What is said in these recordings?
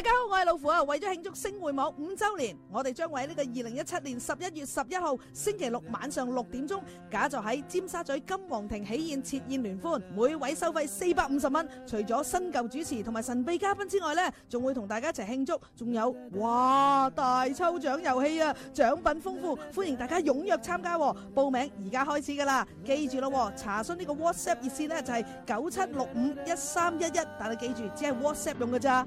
大家好，我係老虎啊！為咗慶祝星匯網五周年，我哋將會喺呢個二零一七年十一月十一號星期六晚上六點鐘，假就喺尖沙咀金皇庭喜宴設宴聯歡，每位收費四百五十蚊。除咗新舊主持同埋神秘嘉賓之外咧，仲會同大家一齊慶祝。仲有哇大抽獎遊戲啊，獎品豐富，歡迎大家踴躍參加。報名而家開始噶啦，記住咯，查詢呢個 WhatsApp 熱線咧就係九七六五一三一一，但係記住只係 WhatsApp 用噶咋。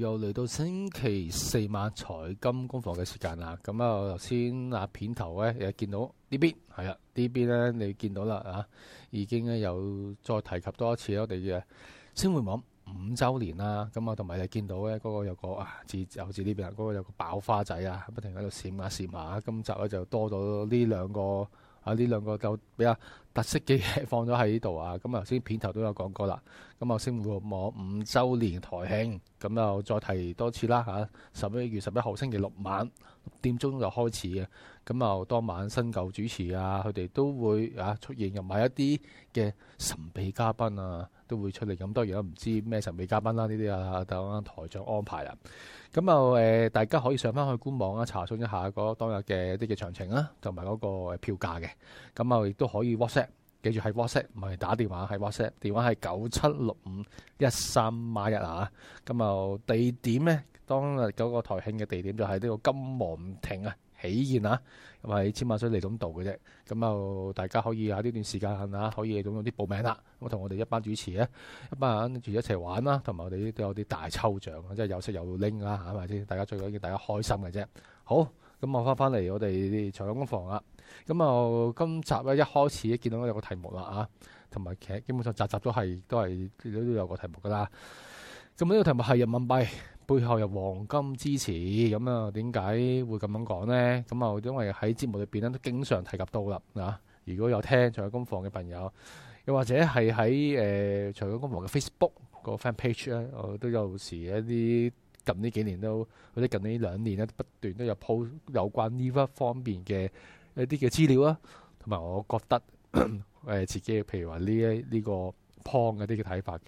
又嚟到星期四晚財金工房嘅時間啦。咁啊，頭先啊片頭咧，又見到呢邊係啦，呢邊咧你見到啦啊，已經咧有再提及多一次我哋嘅星匯網五周年啦。咁啊，同埋你見到咧嗰個有個啊字，好似呢邊啊嗰、嗰個有個爆花仔啊，不停喺度閃啊閃啊。今集咧就多咗呢兩個啊，呢兩個就比較特色嘅嘢放咗喺呢度啊！咁啊，頭先片頭都有講過啦。咁啊，星夢網五周年台慶，咁又再提多次啦吓，十一月十一號星期六晚六點鐘就開始啊，咁啊，當晚新舊主持啊，佢哋都會啊出現入埋一啲嘅神秘嘉賓啊，都會出嚟。咁當然都唔知咩神秘嘉賓啦、啊，呢啲啊等台長安排啦。咁啊誒，大家可以上翻去官網啊，查詢一下嗰當日嘅啲嘅詳情啦、啊，同埋嗰個票價嘅。咁啊，亦都可以 WhatsApp。記住係 WhatsApp，唔係打電話，係 WhatsApp。電話係九七六五一三孖一啊！咁、啊、就地點咧，當日嗰個台慶嘅地點就係呢個金皇庭啊，喜宴啊，咁、啊、係千馬水嚟總度嘅啫。咁、啊、就、啊、大家可以喺呢段時間啊，可以咁樣啲報名啦。咁同我哋一班主持啊，一班人住一齊玩啦、啊，同、啊、埋我哋都有啲大抽獎，即係有食有拎啦，係咪先？大家最緊要大家開心嘅啫。好，咁、啊啊、我返返嚟我哋啲財金工房啊。咁啊，今集咧一開始一見到都有個題目啦，同埋其實基本上集集都係都係都有個題目噶啦。咁呢個題目係人民幣背後有黃金支持。咁啊，點解會咁樣講呢？咁啊，因為喺節目裏面咧都經常提及到啦、啊、如果有聽財金工房嘅朋友，又或者係喺誒財金工房嘅 Facebook 個 fan page 咧，我都有時一啲近呢幾年都或者近呢兩年咧不斷都有 post 有關呢一方面嘅。一啲嘅資料啊，同埋我覺得誒自己，譬如話呢一呢個 point 嗰啲嘅睇法嘅。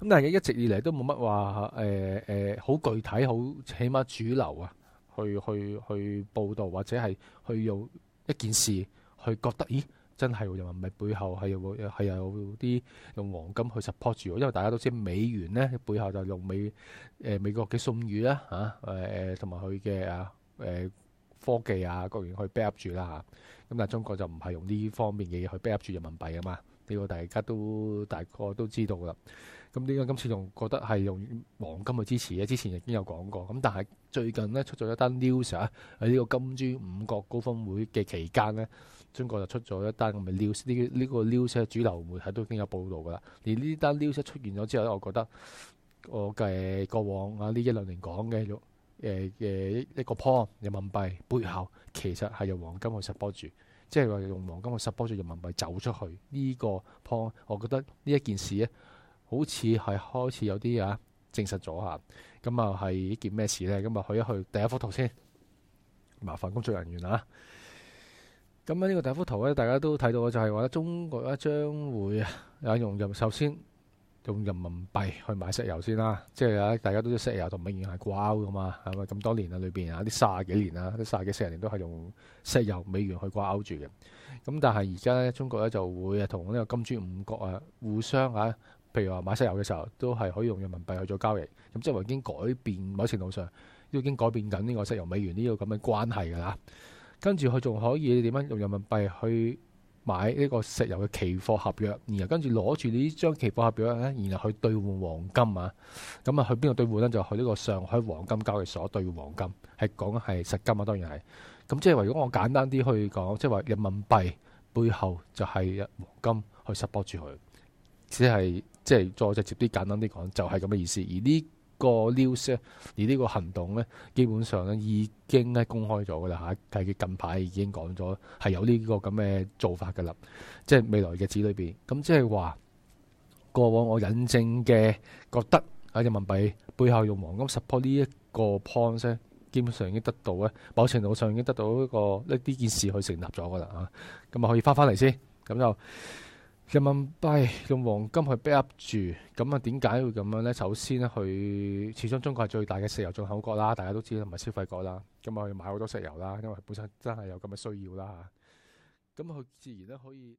咁但係一直以嚟都冇乜話誒誒好具體，好起碼主流啊，去去去報導，或者係去用一件事去覺得，咦，真係人民幣背後係有係有啲用黃金去 support 住，因為大家都知道美元咧背後就用美誒、呃、美國嘅信譽啦嚇誒誒，同埋佢嘅啊誒。科技啊，各樣去 back up 住啦吓，咁但係中國就唔係用呢方面嘅嘢去 back up 住人民幣啊嘛，呢、這個大家都大概都知道啦。咁點解今次仲覺得係用黃金去支持咧？之前已經有講過，咁但係最近呢，出咗一單 news 啊，喺呢個金磚五國高峰會嘅期間呢，中國就出咗一單咁嘅 news，呢呢個 news 主流媒體都已經有報導噶啦。而呢單 news 出現咗之後咧，我覺得我嘅過往啊呢一兩年講嘅。誒誒，一個 pon，人民幣背後其實係用黃金去 support 住，即係話用黃金去 support 住人民幣走出去。呢個 pon，我覺得呢一件事呢好似係開始有啲啊證實咗嚇。咁啊係件咩事呢？咁啊去一去第一幅圖先，麻煩工作人員啊。咁呢個第一幅圖呢，大家都睇到就係話中國將會啊用入首先。用人民幣去買石油先啦，即係啊，大家都知道石油同美元係掛鈎噶嘛，係咪咁多年啊？裏邊啊啲卅幾年啊，啲卅幾四十年都係用石油美元去掛鈎住嘅。咁但係而家咧，中國咧就會同呢個金磚五國啊互相啊，譬如話買石油嘅時候都係可以用人民幣去做交易。咁即係話已經改變某程度上，都已經改變緊呢個石油美元呢個咁嘅關係㗎啦。跟住佢仲可以點樣用人民幣去。買呢個石油嘅期貨合約，然後跟住攞住呢張期貨合約咧，然後去兌換黃金啊，咁啊去邊度兌換呢？就去呢個上海黃金交易所兌換黃金，係講緊係實金啊，當然係。咁即係如果我簡單啲去講，即係話人民幣背後就係黃金去 support 住佢，只係即係再直接啲簡單啲講，就係咁嘅意思。而呢。個 news 而呢個行動基本上已經咧公開咗噶啦嚇，係近排已經講咗係有呢個咁嘅做法噶啦，即係未來嘅紙裏面。咁即係話過往我引證嘅覺得人民幣背後用黃金 support 呢一個 point，基本上已經得到保，某程度上已經得到一個呢件事去成立咗噶啦，咁啊可以翻翻嚟先，咁就。人民幣用黃金去 backup 住，咁啊點解會咁樣呢？首先咧，佢始終中國係最大嘅石油進口國啦，大家都知啦，唔係消費國啦，咁啊去買好多石油啦，因為本身真係有咁嘅需要啦，咁佢自然咧可以。